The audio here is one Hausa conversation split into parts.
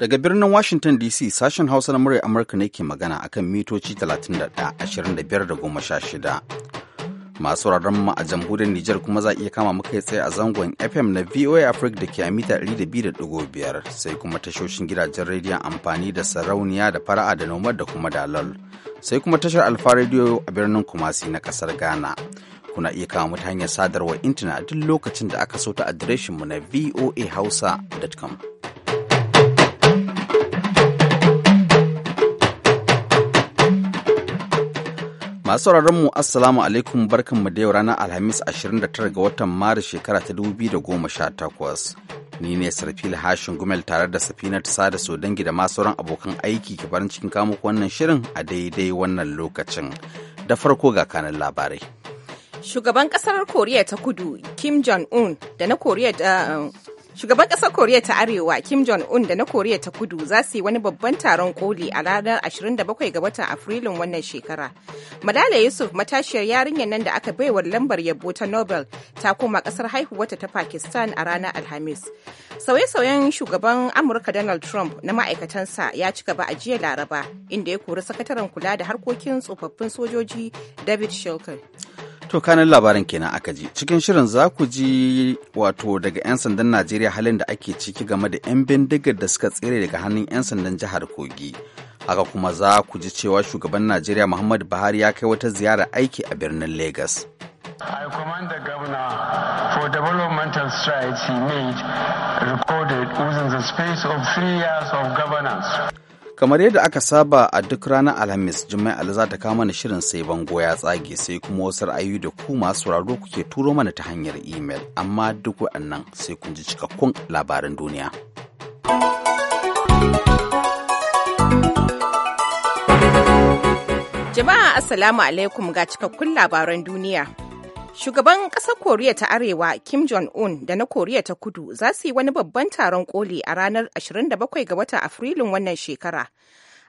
Daga birnin Washington DC sashen Hausa na murya Amurka ne ke magana akan mitoci 31-25-16. Masu mu a jamhuriyar Nijar kuma za iya kama muka tsaye a zangon FM na VOA Africa da ke a mita 200.5 sai kuma tashoshin gidajen rediyon amfani da sarauniya da fara'a da nomad da kuma dalol. Sai kuma tashar Alfa Radio a birnin Kumasi na kasar Ghana. Kuna iya kama mutane hanyar sadarwar intanet a duk lokacin da aka so ta adireshinmu na voahausa.com. Masu sauraron mu Assalamu alaikum barkan mu da yau ranar Alhamis 29 ga watan Maris shekara ta 2018. Ni ne Sarfil Hashin Gumel tare da Safinat Sada so dangi da masu sauran abokan aiki ke barin cikin kamo wannan shirin a daidai wannan lokacin. Da farko ga kanan labarai. Shugaban kasar Koriya ta Kudu Kim Jong-un da na Koriya da Shugaban ƙasar Koriya ta Arewa Kim Jong-un da na Koriya ta Kudu za su yi wani babban taron koli a ranar 27 ga watan Afrilun wannan shekara. Malala Yusuf matashiyar yarinyar nan da aka baiwa lambar yabo ta Nobel ta koma ƙasar haihuwarta ta Pakistan a ranar Alhamis. Sauye-sauyen shugaban Amurka Donald Trump na ma'aikatansa ya ci gaba a jiya Laraba inda ya kori sakataren kula da harkokin tsofaffin sojoji David Shulkin. To kanin labarin kenan aka ji. Cikin shirin za ku ji wato daga 'yan sandan Najeriya halin da ake ciki game da 'yan bindigar da suka tsere daga hannun 'yan sandan jihar Kogi. Haka kuma za ku ji cewa shugaban Najeriya Muhammadu Buhari ya kai wata ziyara aiki a birnin Legas. I command the governor for developmental strides he made recorded within the space of three years of governance. kamar yadda aka saba a duk ranar alhamis jimai za ta kama mana shirin sai bango ya tsage sai kuma wasu ra'ayi da ku masu sauraro kuke turo mana ta hanyar imel amma duk wa'annan sai kun ji cikakkun labaran duniya jama'a asalamu alaikum ga cikakkun labaran duniya Shugaban ƙasar Koriya ta Arewa Kim Jong-un da na Koriya ta Kudu za su yi wani babban taron koli a ranar 27 ga watan Afrilun wannan shekara.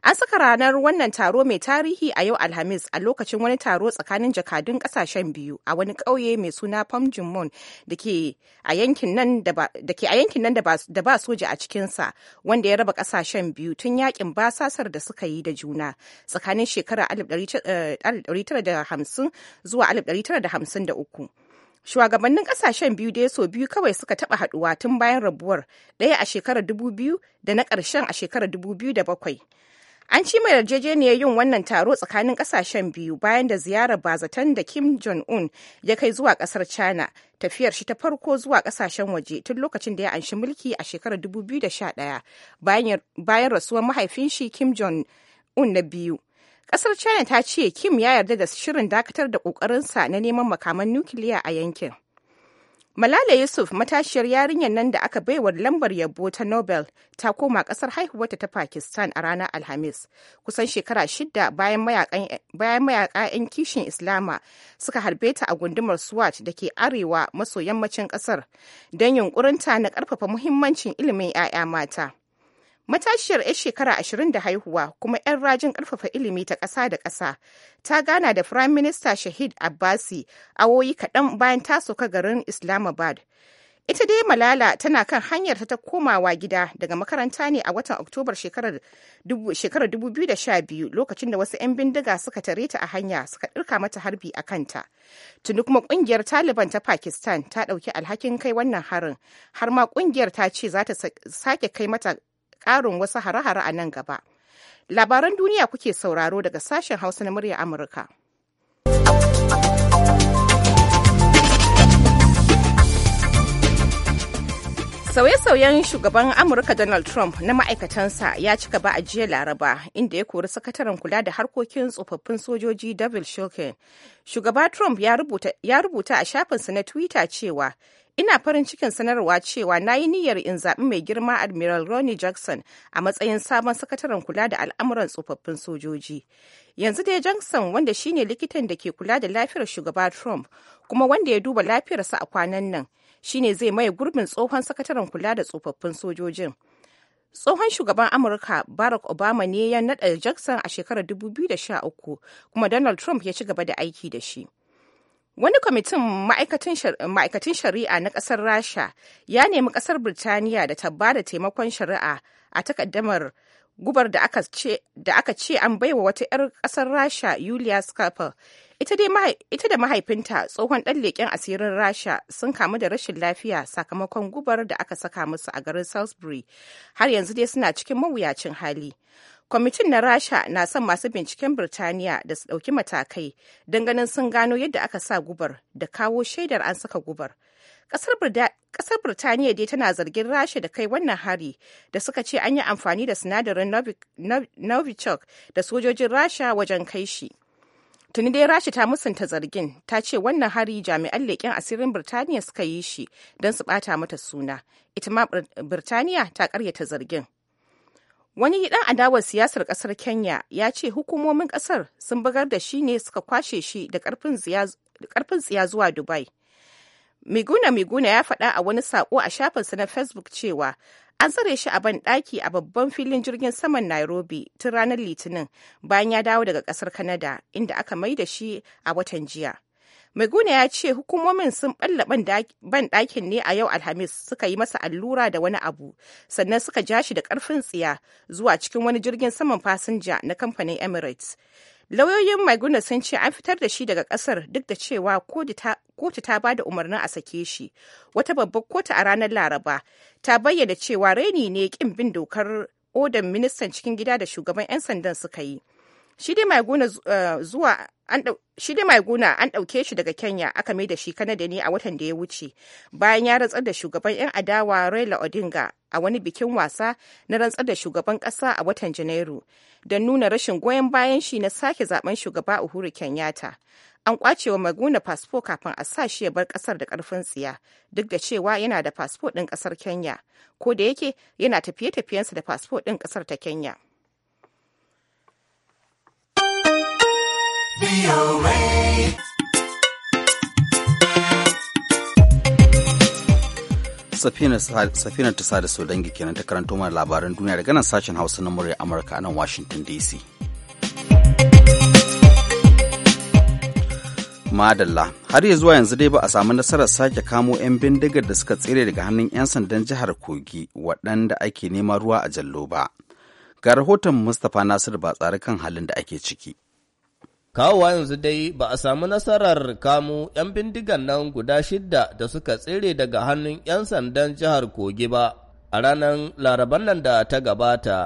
An saka ranar wannan taro mai tarihi a yau Alhamis a lokacin wani taro tsakanin jakadun kasashen biyu a wani ƙauye mai suna Pamjimon da ke a yankin nan da ba soja a cikinsa wanda ya raba kasashen biyu tun yakin basasar da suka yi da juna tsakanin shekara 1950 eh, zuwa 1953. shugabannin kasashen biyu da ya so biyu kawai suka taba haduwa tun bayan rabuwar ɗaya a shekarar 2000 da na ƙarshen a shekarar 2007 An ci mai yarjejeniyar yin wannan taro tsakanin kasashen biyu bayan da ziyarar bazatan da Kim Jong-un ya kai zuwa kasar China, tafiyar shi ta farko zuwa kasashen waje tun lokacin da ya anshi mulki a shekarar 2011 bayan rasuwar mahaifin shi Kim Jong-un na biyu. Kasar China ta ce Kim ya yarda da shirin dakatar da kokarinsa na neman makaman nukiliya a yankin. Malala Yusuf matashiyar yarinyar nan da aka baiwa lambar yabo ta Nobel ta koma ƙasar haihuwarta ta Pakistan a ranar Alhamis, kusan shekara shida bayan mayaka 'yan kishin Islama suka harbe ta a gundumar Swat da ke arewa maso yammacin ƙasar, don yunkurinta na ƙarfafa muhimmancin ilimin 'ya'ya mata. Matashiyar 'yar shekara ashirin da haihuwa kuma 'yan rajin ƙarfafa ilimi ta ƙasa da ƙasa ta gana da Firayim Minista Shahid Abbasi woyi kaɗan bayan ta soka garin Islamabad. Ita dai Malala tana kan hanyar ta komawa gida daga makaranta ne a watan Oktobar shekarar 2012 lokacin da wasu 'yan bindiga suka tare ta a hanya suka ɗirka mata harbi a kanta. Tuni kuma ƙungiyar Taliban ta Pakistan ta ɗauki alhakin kai wannan harin, har ma ƙungiyar ta ce za ta sake kai mata ƙarin wasu hare-hare a nan gaba. Labaran duniya kuke sauraro daga sashen Hausa na murya Amurka. Sauye-sauyen shugaban Amurka Donald Trump na ma'aikatansa ya ci gaba a jiya Laraba, inda ya kori sakataren kula da harkokin tsofaffin sojoji David Shulkin. Shugaba Trump ya rubuta a shafinsa na Twitter cewa Ina farin cikin sanarwa cewa na yi niyyar in zaɓi mai girma Admiral Ronnie Jackson a matsayin sabon sakataren kula da al'amuran tsofaffin sojoji. Yanzu dai Jackson wanda shine likitan da ke kula da lafiyar shugaba Trump kuma wanda ya duba lafiyarsa a kwanan nan shine zai maye gurbin tsohon sakataren kula da tsofaffin sojojin. tsohon shugaban amurka barack obama ne ya naɗa jackson a shekarar 2013 kuma donald trump ya ci gaba da aiki da shi Wani kwamitin ma'aikatan shari'a na ƙasar Rasha ya nemi ƙasar Birtaniya da ta ba da taimakon shari'a a takaddamar gubar da aka ce an baiwa wata 'yar ƙasar Rasha Yulia Scarpel. Ita da mahaifinta tsohon ɗan leƙen asirin Rasha sun kamu da rashin lafiya sakamakon gubar da aka saka musu a garin Salisbury har yanzu dai suna cikin mawuyacin hali. kwamitin na rasha na son masu binciken birtaniya da su ɗauki matakai don ganin sun gano yadda aka sa gubar da kawo shaidar an saka gubar ƙasar birtaniya dai tana zargin rasha da kai wannan hari da suka ce an yi amfani da sinadarin novichok da sojojin rasha wajen kai shi tuni dai rasha ta musanta zargin ta ce wannan hari jami'an leƙen asirin birtaniya suka yi shi don su ɓata mata suna ita ma birtaniya ta ƙaryata zargin Wani gidan adawar siyasar kasar Kenya ya ce hukumomin kasar sun bugar da shi ne suka kwashe shi da karfin tsiya zuwa Dubai. Miguna Miguna ya faɗa a wani saƙo a shafinsa na Facebook cewa an tsare shi a ban ɗaki a babban filin jirgin saman Nairobi tun ranar Litinin bayan ya dawo daga ƙasar Canada inda aka mai da shi a watan jiya. Maiguna ya ce hukumomin sun balla ban ɗakin ne a yau Alhamis suka yi masa allura da wani abu, sannan suka ja shi da karfin tsiya zuwa cikin wani jirgin saman fasinja na kamfanin Emirates. Lauyoyin Maiguna sun ce an fitar da shi daga ƙasar duk da cewa kotu ta ba da umarnin a sake shi. Wata babbar kotu a ranar Laraba ta bayyana cewa raini ne ƙin bin dokar odan ministan cikin gida da shugaban 'yan sandan suka yi. Shi dai mai eh, an guna an ɗauke shi daga kenya aka mai da shi kanada ne a watan da ya wuce bayan ya rantsar da shugaban 'yan adawa raila odinga a wani bikin wasa na rantsar da shugaban ƙasa a watan janairu don nuna rashin goyon bayan shi na sake zaben shugaba uhuru kenyatta an ƙwacewa mai guna fasfo kafin a sa shi ya bar ƙasar da karfin tsiya duk da cewa yana da fasfo ɗin ƙasar kenya ko da yake yana tafiye-tafiyensa da fasfo ɗin ƙasar ta kenya Safinar ta sada sau dangi kenan ta karanto mana labaran duniya daga nan sashen Hausa na murya Amurka a nan Washington DC. Madalla, har ya zuwa yanzu dai ba a samu nasarar sake kamo 'yan bindigar da suka tsere daga hannun 'yan sandan jihar Kogi waɗanda ake nema ruwa a jallo ba. Ga rahoton Mustapha nasiru ba tsare kan halin da ake ciki. Kawowa yanzu dai ba a samu nasarar kamu 'yan bindigan nan guda shidda da suka tsere daga hannun 'yan sandan jihar Kogi ba a ranar laraban nan da ta gabata.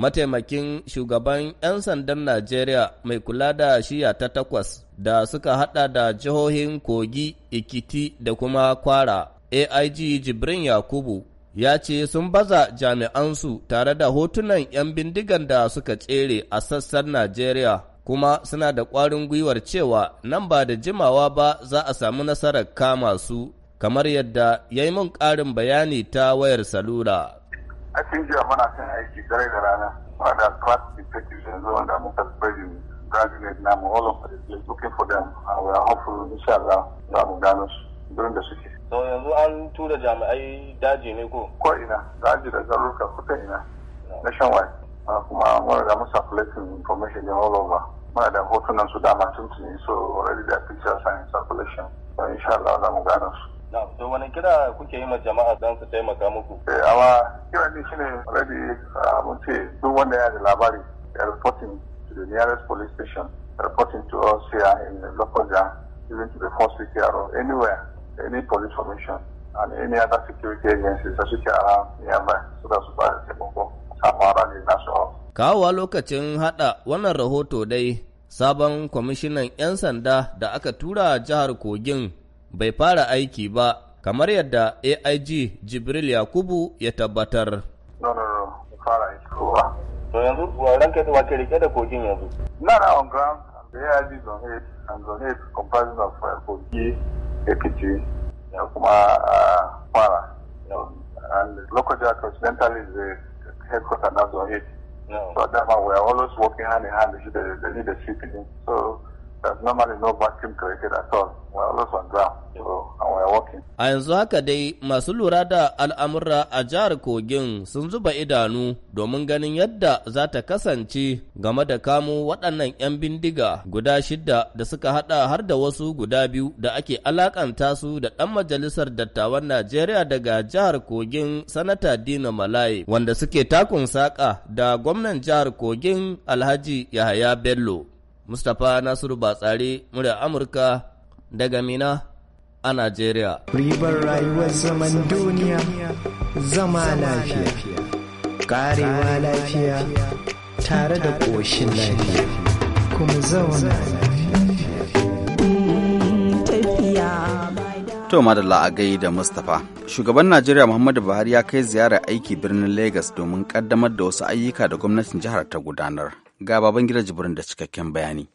Mataimakin shugaban 'yan sandan Najeriya mai kula da shiya ta takwas da suka hada da jihohin Kogi, Ikiti da kuma Kwara, AIG Jibrin Yakubu ya ce sun baza jami'ansu tare da hotunan 'yan bindigan da suka tsere a sassan Najeriya. kuma suna da ƙwarin gwiwar cewa nan ba da jimawa ba za a samu nasarar kama su kamar yadda ya yi min ƙarin bayani ta wayar salula. A cikin jiya muna kan aiki dare da rana ba da class detective yanzu wanda muka spreading graduate namu all of the place looking for them and we are hopeful insha Allah za mu gano su durin da suke. To yanzu an tura jami'ai daji ne ko? Ko ina daji da garuruka kuka ina na shan Ah, kuma mun da mun circulating information in all over muna da hotunan su dama tun tuni so already da pictures and circulation so insha Allah za mu gano su to wani kira kuke yi ma jama'a don su taimaka muku? Eh, awa kira ne shine already ah, mun ce duk wanda ya da labari ya reporting to the nearest police station reporting to us here in Lokoja even to the force CTR or anywhere any police formation and any other security agencies that are nearby so that su ba da taimako. samara ne nasu. Kawowa lokacin haɗa wannan rahoto dai, sabon kwamishinan 'yan sanda da aka tura jihar Kogin bai fara aiki ba, kamar yadda AIG Jibril Yakubu ya tabbatar. No, no, no, fara aiki ba. To yanzu, ranka da rike da Kogin yanzu. Na na on ground, the AIG Zonhead and Zonhead comprises of uh, Kogi, Ekiti, ya kuma fara. Uh, and local judge presidential is headquarters that's on it. Yeah. So that's that we are always working hand in hand with the, the leadership. So A yanzu haka dai masu lura da al'amura a jihar Kogin sun zuba idanu domin ganin yadda za ta kasance game da kamo waɗannan 'yan bindiga guda shidda da suka haɗa har da wasu guda biyu da ake alakanta su da ɗan majalisar dattawan Najeriya daga jihar Kogin Sanata Dina Malaye wanda suke takun saƙa da gwamnan jihar Kogin Alhaji Yahaya Bello. Mustapha Nasiru Batsari, murya Amurka daga Mina a Najeriya. Ribar rayuwar zaman duniya zama lafiya, karewa lafiya tare da ƙoshin lafiya, kuma zauna lafiya. To madalla a gai da Mustapha. Shugaban Najeriya Muhammadu Buhari ya kai ziyarar aiki birnin Legas domin kaddamar da wasu ayyuka da gwamnatin jihar ta gudanar. ga baban gida jibrin da cikakken bayani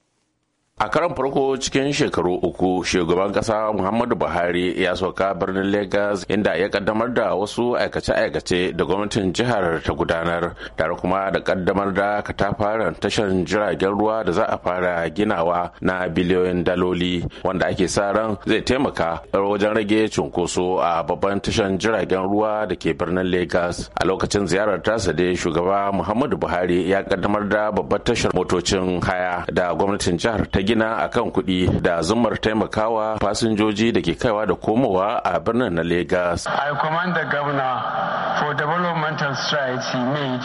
a karan farko cikin shekaru uku shugaban kasa muhammadu buhari ya sauka birnin Legas, inda ya kaddamar da wasu aikace-aikace da gwamnatin jihar ta gudanar tare kuma da kaddamar da katafaren tashar jiragen ruwa da za a fara ginawa na biliyoyin daloli wanda ake sa ran zai taimaka wajen rage cunkoso a babban tashar jiragen ruwa da ke birnin Legas. a lokacin ziyarar tasa dai shugaba muhammadu buhari ya kaddamar da babbar tashar motocin haya da gwamnatin jihar ta gina a kan kuɗi da zumar taimakawa fasinjoji da ke kaiwa da komowa a birnin na Legas. I command the governor for developmental strides he made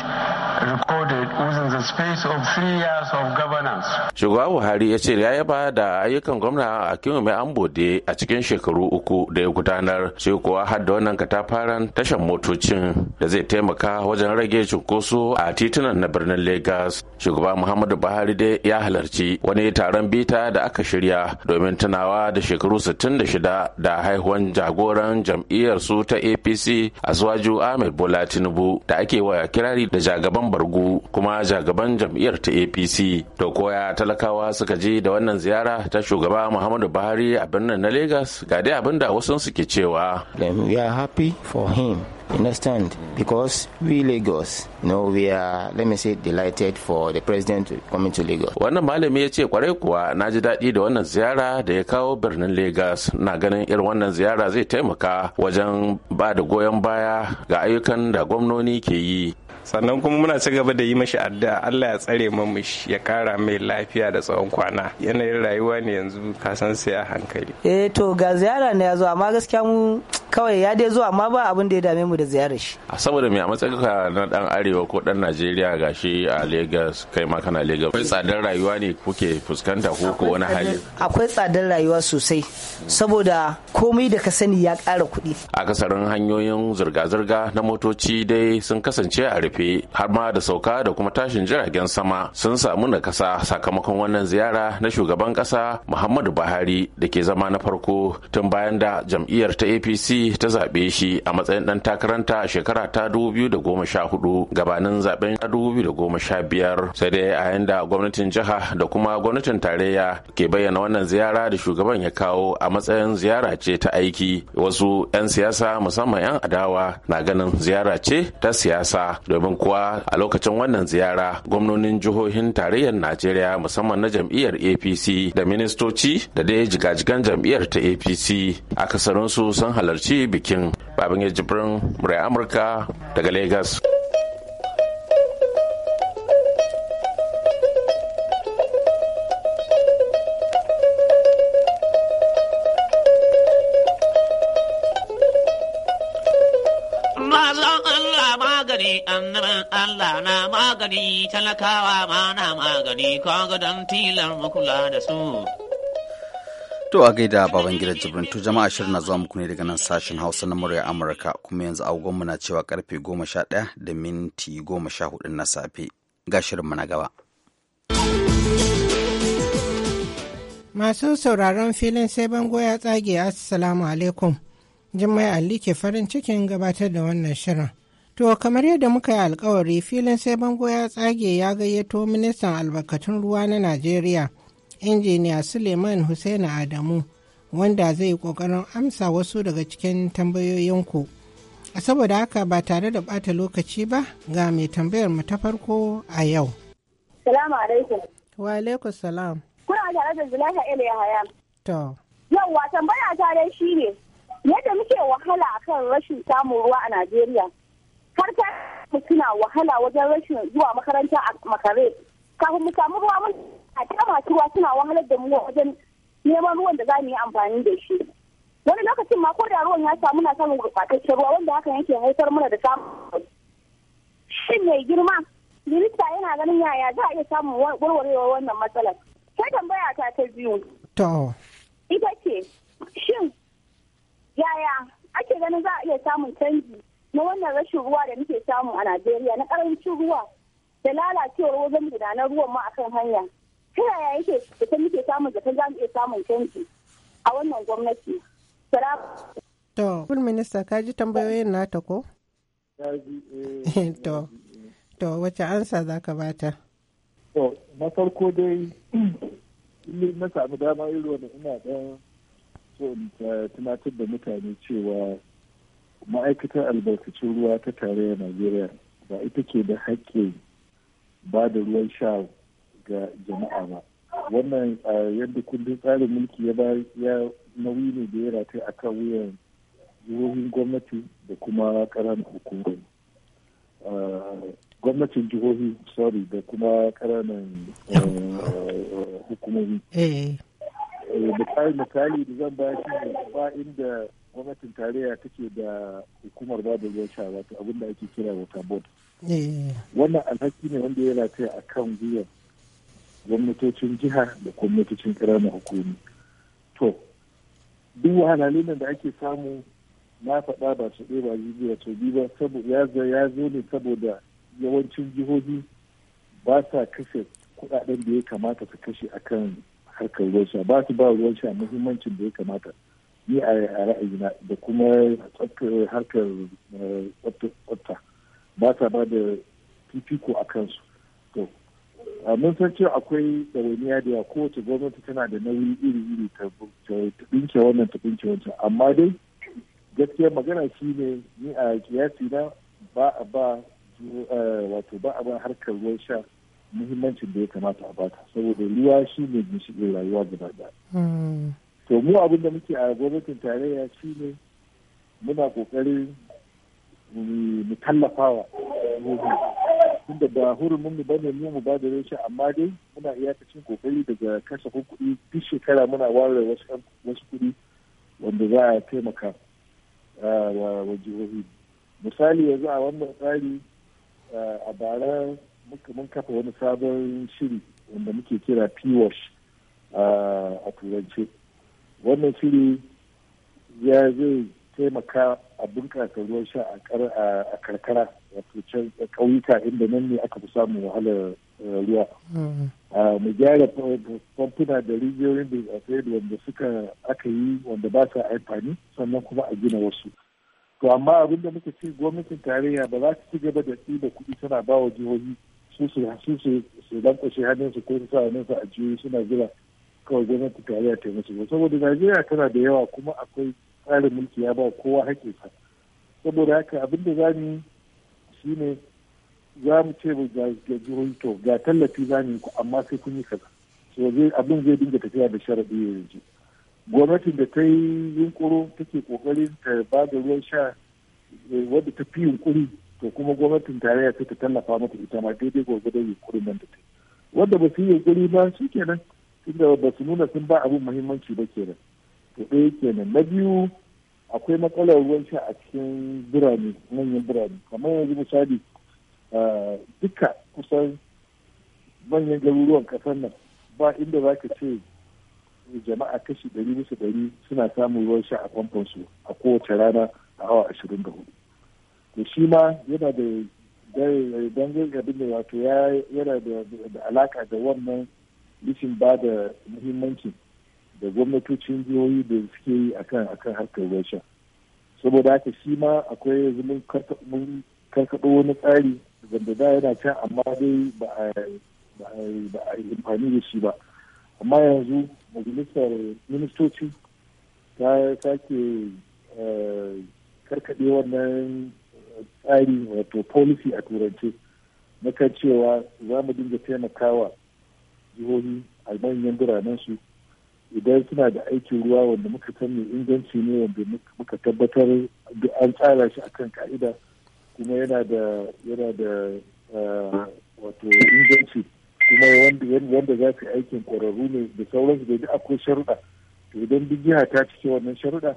recorded within the space of three years of governance. Shugaba Buhari ya ce ya yaba da ayyukan gwamna a kiwo mai bode a cikin shekaru uku da ya gudanar sai kuwa har da wannan katafaren tashar motocin da zai taimaka wajen rage cunkoso a titunan na birnin Legas. Shugaba Muhammadu Buhari dai ya halarci wani taron bita da aka shirya domin tunawa da shekaru 66 da haihuwan jagoran jam'iyyar su ta apc a asuwaju ahmed bola tinubu da ake wa kirari da jagaban bargu kuma jagaban jam'iyyar ta apc to koya talakawa suka je da wannan ziyara ta shugaba muhammadu buhari a birnin na lagos ga dai abin da wasu suke cewa You understand? Because we Lagos, you know, we are, let me say, delighted for the president coming to Lagos. Wannan malami ya ce kwarai kuwa na ji daɗi da wannan ziyara da ya kawo birnin Lagos. Na ganin irin wannan ziyara zai taimaka wajen ba da goyon baya ga ayyukan da gwamnoni ke yi sannan kuma muna ci gaba da yi mashi addu'a Allah ya tsare mu ya kara mai lafiya da tsawon kwana yanayin rayuwa ne yanzu ka san sai a hankali eh to ga ziyara ne ya zo amma gaskiya mu kawai ya dai zo amma ba abin da ya dame mu da ziyarar shi a saboda me a matsayin ka na dan arewa ko dan Najeriya gashi a Lagos kai ma kana Lagos akwai tsadar rayuwa ne kuke fuskanta ko ko wani hali akwai tsadar rayuwa sosai saboda komai da ka sani ya kara kuɗi akasarin hanyoyin zirga-zirga na motoci dai sun kasance a rufe tafiye har ma da sauka da kuma tashin jiragen sama sun samu na nakasa sakamakon wannan ziyara na shugaban kasa muhammadu buhari da ke zama na farko tun bayan da jam'iyyar ta apc ta zaɓe shi a matsayin ɗan takaranta a shekara ta 2014 gabanin zaben 2015 sai dai a yanda gwamnatin jiha da kuma gwamnatin tarayya ke bayyana wannan ziyara da shugaban ya kawo a matsayin ziyara ce ta aiki wasu 'yan siyasa musamman 'yan adawa na ganin ziyara ce ta siyasa domin kuwa a lokacin wannan ziyara gwamnonin jihohin tarayyar najeriya musamman na jam'iyyar apc da ministoci da dai jigajigan jam'iyyar ta apc a akasarinsu sun halarci bikin babin jibrin murai amurka daga Legas. Allah na magani talakawa ma na magani kaga don tilar makula da su. To a gaida baban gidan jibrin to jama'a shirin na zuwa muku ne daga nan sashen Hausa na murya Amurka kuma yanzu mu na cewa karfe goma sha ɗaya da minti goma sha hudu na safe ga mu na gaba. Masu sauraron filin sai bango ya tsage Assalamu alaikum. Jummai Ali ke farin cikin gabatar da wannan shirin. To kamar yadda muka yi alkawari filin sai bango ya tsage ya gayyato ministan albarkatun ruwa na Najeriya, injiniya Suleiman Hussein Adamu, wanda zai yi ƙoƙarin amsa wasu daga cikin tambayoyinku. Saboda haka ba tare da ɓata lokaci ba ga mai tambayar mu ta farko a yau. Salamu alaikum. Wa alaikum salam. Kuna tare da Zulaiha Ele Yahaya. To. tambaya ta dai shine yadda muke wahala akan rashin samun ruwa a Najeriya. farka suna wahala wajen rashin zuwa makaranta a makare kafin mu samu ruwa mun a ta masu suna wahalar da mu wajen neman ruwan da za mu yi amfani da shi wani lokacin ma ko da ruwan ya samu na samun gurɓataccen ruwa wanda hakan yake haifar mana da samun shin mai girma minista yana ganin yaya za a iya samun warwarewar wannan matsalar sai tambaya ta ta biyu to ita ce shin yaya ake ganin za a iya samun canji na wannan rashin ruwa da muke samu a Najeriya na karancin ruwa da lalacewar wajen gudanar ruwan ma akan hanya. Ta yaya yake da muke samun da za mu iya samun canji a wannan gwamnati? To, Kun Minista, ka ji tambayoyin nata ko? Eh, to, to wace ansa za ka bata? To, na farko dai, na sami dama irin ina ɗan so eh, tunatar da mutane cewa ma'aikatar albarkacin ruwa ta tarayyar najeriya ba ita ke da hakkin ba da ruwan sha ga jama'a ba wannan yadda kundin tsarin mulki ya ba ya nauyi ne da ya rataye a kan wuyan jihohin gwamnati da kuma ƙananan hukumar gwamnatin jihohi sorry da kuma ƙananan hukumomi da eh. eh, misali da zan ba shi ba inda gwamnatin tarayya take da hukumar ba da ruwan sha wato abin da ake kira wata board eh. wannan alhaki ne wanda ya rataya a kan gwiwar gwamnatocin jiha da gwamnatocin ƙaramin hukumi to duk wahalalun da ake samu na faɗa ba su ɗaya ba biyu ba to biyu ba ya zo ne saboda yawancin jihohi ba sa kashe kuɗaɗen da ya kamata su kashe akan harkar ruwan sha ba su ba ruwan sha muhimmancin da ya kamata ni a ra'ayina da kuma harkar wata eh, ba ta ba da fifiko a kansu to mun san cewa akwai ɗawainiya da kowace gwamnati tana da nauyi iri-iri ta ɗinke wannan ta ɗinke wancan amma dai gaskiya magana shi ne ni a kiyasi na ba a ba eh, wato ba a ba harkar ruwan sha muhimmancin da ya kamata a bata saboda ruwa shi ne ginshiƙin rayuwa gaba ɗaya hmm. to mu abin da muke a gwamnatin tarayya shine muna kokarin mu tallafawa tunda ba hurin mu bane mu mu ba da rashin amma dai muna iyakacin kokari daga kasafin kuɗi duk shekara muna ware wasu kuɗi wanda za a taimaka wa jihohi misali yanzu a wannan tsari a bara mun kafa wani sabon shiri wanda muke kira p wash a turance wannan shiri ya zai taimaka a bunƙasa ruwan sha a karkara wato can ƙauyuka inda nan ne aka fi samun wahalar eh, ruwa mm-hmm. mu gyara famfuna da rijiyoyin da wanda suka aka yi wanda ba sa amfani sannan kuma a gina wasu to amma abin da muka ce gwamnatin tarayya ba za ta ci gaba da ɗiba kuɗi tana ba wa jihohi su su su su lankwashe hannunsu ko su sa hannunsu a jihohi suna jira kawai gwamnati ta yi ta musu ba saboda najeriya tana da yawa kuma akwai tsarin mulki ya ba kowa haƙƙinsa saboda haka abinda da za mu shi ne za mu ce ga jihohi to ga tallafi za mu yi ku amma sai kun yi kaza so zai abin zai dinga tafiya da sharaɗi ya yanzu gwamnatin da ta yi yunkuro take kokarin ta ba da ruwan sha eh, wadda ta fi yunkuri to kuma gwamnatin tarayya sai ta tallafa mata ita ma daidai gwargwadon yunkurin nan da ta yi wadda ba su yi yunkuri ba shi kenan tunda ba su nuna sun ba abin muhimmanci ba kenan to ɗaya kenan na biyu akwai matsalar ruwan sha a cikin birane manyan birane kamar yanzu misali ah, duka kusan manyan garuruwan kasar nan ba inda za ka ce jama'a kashi ɗari bisa ɗari suna samun ruwan sha a su a kowace rana a awa ashirin da hudu to shi ma yana da dangin abin da wato yana da alaka da wannan bishin ba da muhimmanci da gwamnatocin jihohi da suke yi akan akan harkar rasha saboda haka shi ma akwai yanzu mun karkaɗo wani tsari wanda da yana can amma dai ba a yi amfani da shi ba amma yanzu majalisar ministoci ta sake eh, karkaɗe wannan tsari wato policy a turanci na kan cewa za mu dinga taimakawa jihohi a manyan biranen su idan suna da aikin ruwa wanda muka san mai inganci ne wanda muka tabbatar an tsara shi akan ka'ida kuma yana da yana da ah, wato inganci kuma wanda za su aikin kwararru ne da sauransu da akwai sharuɗa to idan duk jiha ta cike wannan sharuɗa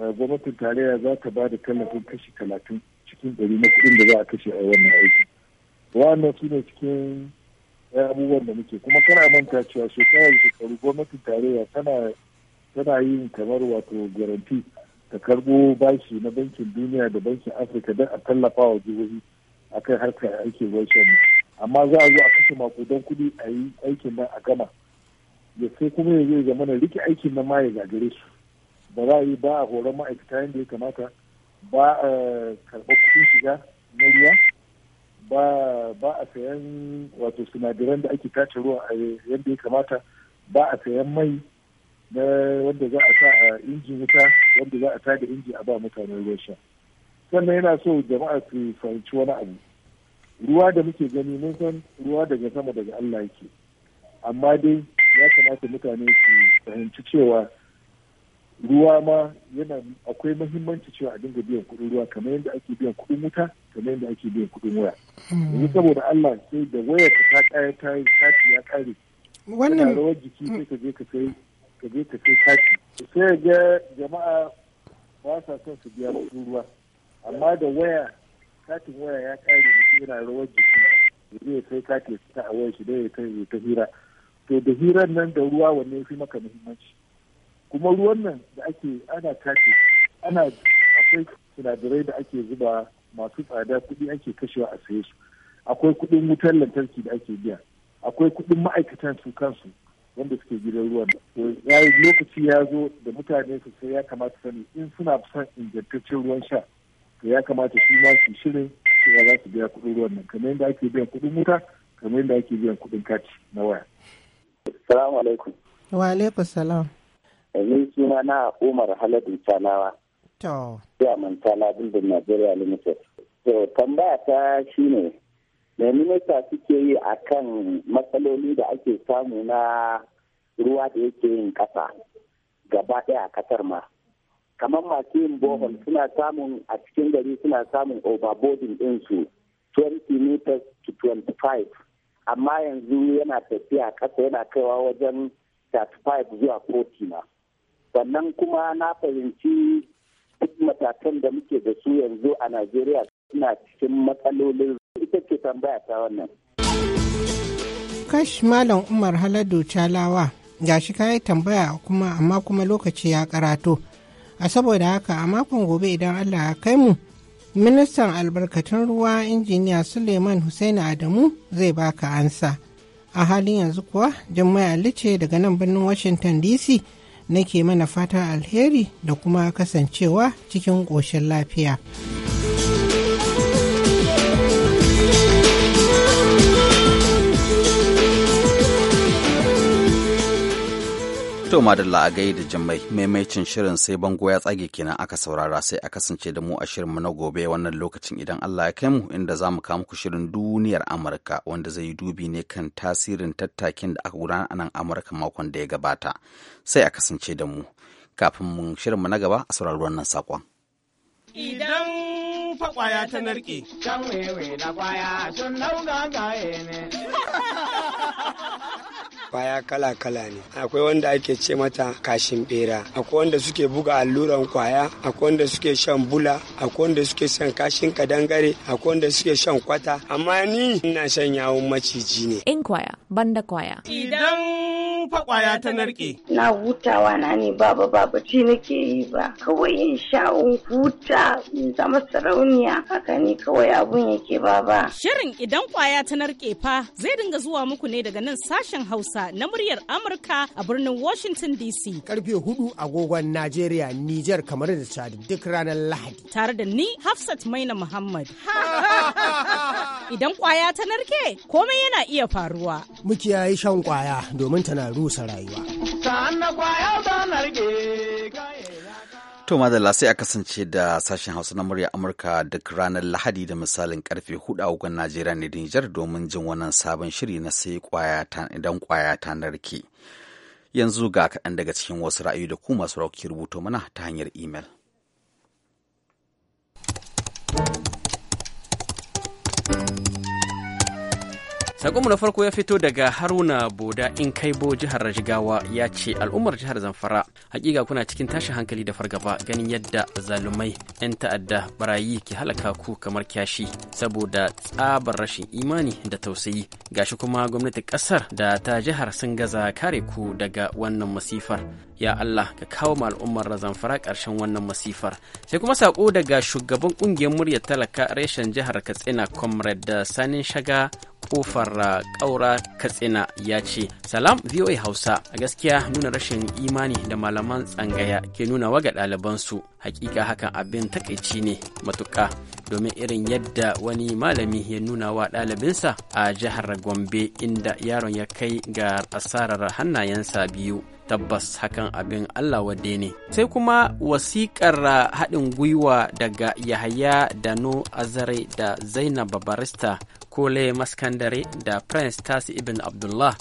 ah, gwamnatin tarayya za ta ba da tallafin kashi talatin cikin ɗari na kuɗin da za a kashe a wannan aiki wannan su ne cikin ɗaya abubuwan da muke kuma kana manta cewa shekara shekaru gwamnatin tarayya tana yin kamar wato garanti ta karbo bashi na bankin duniya da bankin afirka don a tallafa wa jihohi harka harkar aikin ruwan amma za a zo a kashe makudan kuɗi a yi aikin nan a gama ya sai kuma ya zai zama na rike aikin nan ma ya gagare su ba za a yi ba a horon ma'aikata yadda ya kamata ba a karɓar kuɗin shiga na ruwa ba a sayan wato sinadiran da ake tace ruwa a yadda ya kamata ba a sayan mai na wanda za a sa a injin wuta wanda za a ta da inji a ba mutane ruwan sha sannan yana so jama'a su fahimci wani abu ruwa da muke gani mun san ruwa daga sama daga Allah yake amma dai ya kamata mutane su fahimci cewa ruwa ma yana akwai mahimmanci cewa a dinga biyan kuɗin ruwa kamar yadda ake biyan kuɗin wuta kamar yadda ake biyan kuɗin waya yanzu saboda Allah sai da waya ka ta kaya ta yi kati ya kare wannan rawar jiki sai ka je ka kai ka je ka kai kati sai ga jama'a ba sa son su biya kudin ruwa amma da waya katin waya ya kare mutum yana rawar jiki zai ya kai kati ya fita a wayar shi dai ya kai ya ta hira to da hirar nan da ruwa wanne ya fi maka muhimmanci kuma ruwan nan da ake ana tace ana akwai sinadarai da ake zuba masu tsada kuɗi ake kashewa a saye su akwai kuɗin wutar lantarki da ake biya akwai kuɗin ma'aikatan su kansu wanda suke gidan ruwan ya yi lokaci ya zo da mutane su sai ya kamata sani in suna son ingantaccen ruwan sha to ya kamata su ma su shirin ya za su biya kuɗin ruwan nan kamar yadda ake biyan kuɗin wuta kamar yadda ake biyan kuɗin kati na waya. Salamu alaikum. Wa alaikum salam. yanzu suna na Umar Haladu Talawa. To. Ya mantala dindin Najeriya Limited. To tambaya ta shine me minista suke yi a kan matsaloli da ake samu na ruwa da yake yin ƙasa gaba ɗaya a ƙasar ma. Kamar masu yin bohol mm. suna samun a cikin gari suna samun overboarding ɗinsu 20 meters to 25 amma yanzu yana tafiya ƙasa yana kaiwa wajen 35 zuwa 40 na. sannan kuma na fahimci duk matakan da muke da su yanzu a najeriya suna cikin matsalolin ita ce tambaya ta wannan kash malam umar haladu chalawa gashi kayi tambaya kuma amma kuma lokaci ya karato a saboda haka a makon gobe idan allah ya kai mu ministan albarkatun ruwa injiniya suleiman hussaini adamu zai baka ansa a halin yanzu kuwa jimai alice daga nan birnin washington dc nake mana fata alheri da kuma kasancewa cikin ƙoshin lafiya. yau madalla a gaida da jimmai maimacin shirin sai bango ya tsage kenan aka saurara sai a kasance da mu a shirin mu na gobe wannan lokacin idan Allah ya kai mu inda za mu kawo muku shirin duniyar Amurka wanda zai yi dubi ne kan tasirin tattakin da aka gudana a nan Amurka makon da ya gabata. Sai a kasance da mu kafin mu shirinmu na gaba a saurari wannan saƙon. Idan fa ta narke. Can wewe na kwaya sun lauga gaye ne. kwaya kala-kala ne akwai wanda ake ce mata kashin bera akwai wanda suke buga alluran kwaya akwai wanda suke shan bula akwai wanda suke shan kashin kadangare akwai wanda suke shan kwata amma ni ina shan yawon maciji ne in kwaya banda kwaya idan fa kwaya ta narke na hutawa na ne baba baba ci nake yi ba kawai in sha in huta in zama sarauniya haka ne kawai abun yake baba shirin idan kwaya ta narke fa zai dinga zuwa muku ne daga nan sashen Hausa na muryar Amurka a birnin Washington DC. Karfe hudu agogon Najeriya, Nijar kamar da Chad duk ranar Lahadi. Tare da ni Hafsat Maina Muhammad. Idan kwaya ta narke, komai yana iya faruwa. Mukiyayi shan kwaya domin tana rusa rayuwa. kwaya To madalla sai a kasance da sashen Hausa na murya Amurka duk ranar Lahadi da misalin karfe hudu a wugan Najeriya ne da Nijar domin jin wannan sabon shiri na sai idan kwaya ta narke. Yanzu ga kaɗan daga cikin wasu ra'ayi da ku masu rauki rubuto mana ta hanyar imel. Sakonmu na farko ya fito daga Haruna Boda in kaibo jihar Rajigawa ya ce al'ummar jihar Zamfara hakika kuna cikin tashin hankali da fargaba ganin yadda zalumai 'yan ta'adda barayi ke halaka ku kamar kyashi saboda tsabar rashin imani da tausayi gashi kuma gwamnati kasar da ta jihar sun gaza kare ku daga wannan masifar ya Allah ka kawo ma al'ummar Zamfara karshen wannan masifar sai kuma sako daga shugaban kungiyar muryar talaka reshen jihar Katsina Comrade Sanin Shaga kofar ƙaura uh, katsina ya ce salam voa hausa gaskiya nuna rashin imani da malaman tsangaya ke nuna waga ɗalibansu hakika hakan abin takaici ne matuƙa domin irin yadda wani malami ya nuna wa ɗalibinsa a jihar gombe inda yaron ya kai ga asarar hannayensa biyu tabbas hakan abin Allah wade ne. Sai kuma wasiƙar uh, haɗin gwiwa daga Yahaya Dano Azare da Zainab Barista kole maskandare da prince tasi ibn abdullah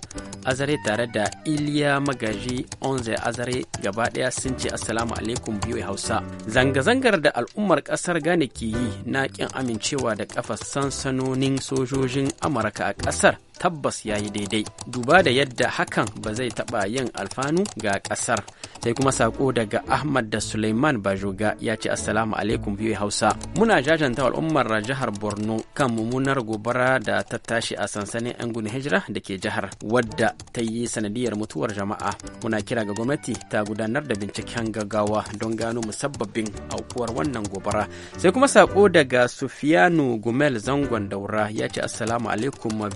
azare tare da iliya magaji onze azare gaba daya sun ce assalamu alaikum biyu hausa zanga-zangar da al'ummar kasar gane ke yi na kin amincewa da kafa sansanonin sojojin amurka a kasar tabbas ya yi daidai duba da yadda hakan ba zai taɓa yin alfanu ga ƙasar sai kuma sako daga ahmad da suleiman bajoga ya ce assalamu alaikum biyu hausa muna jajanta al'ummar jihar borno kan mummunar gobara da ta tashi a sansanin yan gudun hijira da ke jihar wadda ta yi sanadiyar mutuwar jama'a muna kira ga gwamnati ta gudanar da binciken gaggawa don gano musabbabin aukuwar wannan gobara sai kuma sako daga sufiyanu gumel zangon daura ya ce assalamu alaikum a.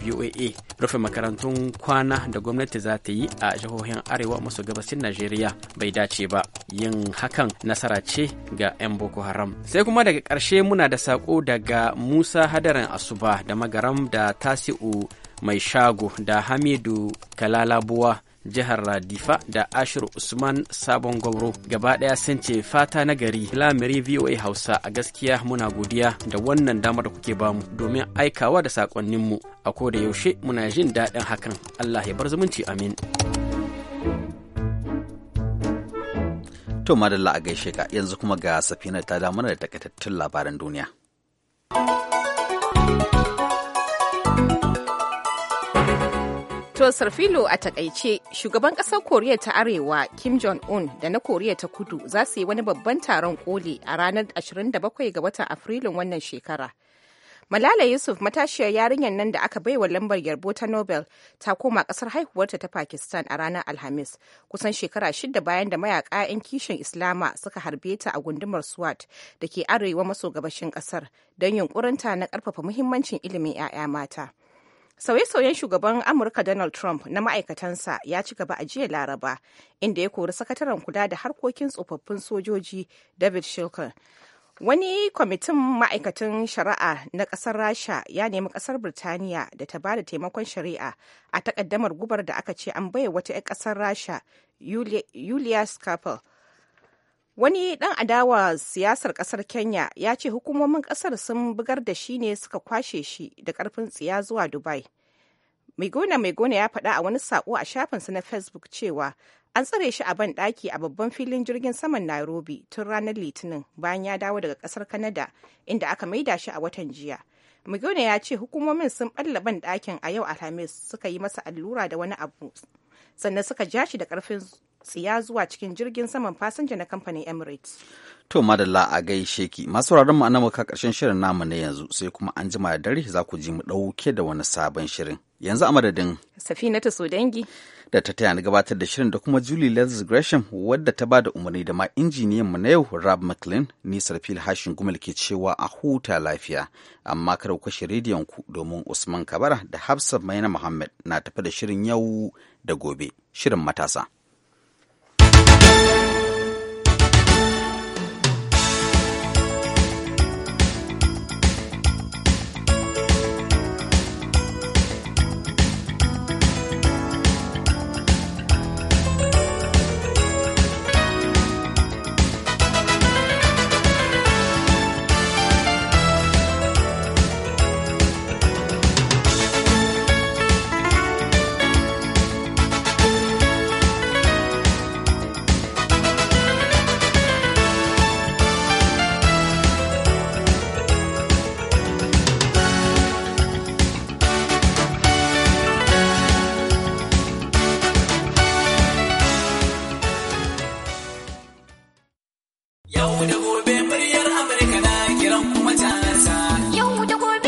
rufe makarantun kwana da gwamnati za ta yi a jihohin arewa maso gabasin najeriya bai dace ba yin hakan nasara ce ga 'yan boko haram sai kuma daga ƙarshe muna da saƙo daga musa hadarin asuba da magaram da tasi'u mai shago da hamidu kalalabuwa jihar Radifa da Ashir Usman Sabon Gauro gaba ɗaya sun ce fata na gari lamiri VOA Hausa a gaskiya muna godiya da wannan damar da kuke bamu domin aikawa da sakonninmu a ko da yaushe muna jin daɗin hakan Allah ya bar zumunci amin. To madalla a gaishe ka yanzu kuma ga safina ta damar da takaitattun labaran duniya. To Sarfilo a takaice shugaban ƙasar Koriya ta Arewa Kim Jong-un da na Koriya ta Kudu za su yi wani babban taron koli a ranar 27 ga watan Afrilun wannan shekara. Malala Yusuf matashiyar yarinyar nan da aka baiwa lambar yarbo ta Nobel ta koma kasar haihuwarta ta Pakistan a ranar Alhamis kusan shekara shida bayan da mayaka 'yan kishin Islama suka harbe ta a gundumar Swat da ke arewa maso gabashin kasar don yunkurinta na ƙarfafa muhimmancin ilimin 'ya'ya mata. Sauye-sauyen shugaban Amurka Donald Trump na ma'aikatansa ya ci gaba a jiya Laraba, inda ya kori sakataren kula da harkokin tsofaffin sojoji David Shilkin. Wani kwamitin ma'aikatan shari'a na ƙasar Rasha ya nemi ƙasar Birtaniya da ta ba da taimakon shari'a a takaddamar gubar da aka ce an bai wata 'yan ƙasar Rasha Yulia Skapel Wani ɗan adawa siyasar ƙasar Kenya ya ce hukumomin ƙasar sun bugar da shi ne suka kwashe shi da karfin tsiya zuwa Dubai. gona-mai gona ya faɗa a wani sako a shafinsa na Facebook cewa an tsare shi a ban ɗaki a babban filin jirgin saman Nairobi tun ranar Litinin bayan ya dawo daga ƙasar Kanada, inda aka maida shi a watan jiya. Maigona ya ce hukumomin sun ɓalla ban ɗakin a yau Alhamis suka yi masa allura da wani abu sannan suka ja shi da karfin tsiya zuwa cikin jirgin saman fasinja na kamfanin emirates to madalla a gaishe ki masu wuraren mu muka karshen shirin namu na yanzu sai kuma an jima da dare za ku ji mu ɗauke da wani sabon shirin yanzu a madadin so sodangi da ta taya ni gabatar da shirin da kuma julie lenz gresham wadda ta ba da umarni da ma injiniyan mu na yau rab mclean nisar sarfil hashin gumal ke cewa a huta lafiya amma kada ku kashe rediyon ku domin usman kabara da hafsa maina muhammad na tafi da shirin yau da gobe shirin matasa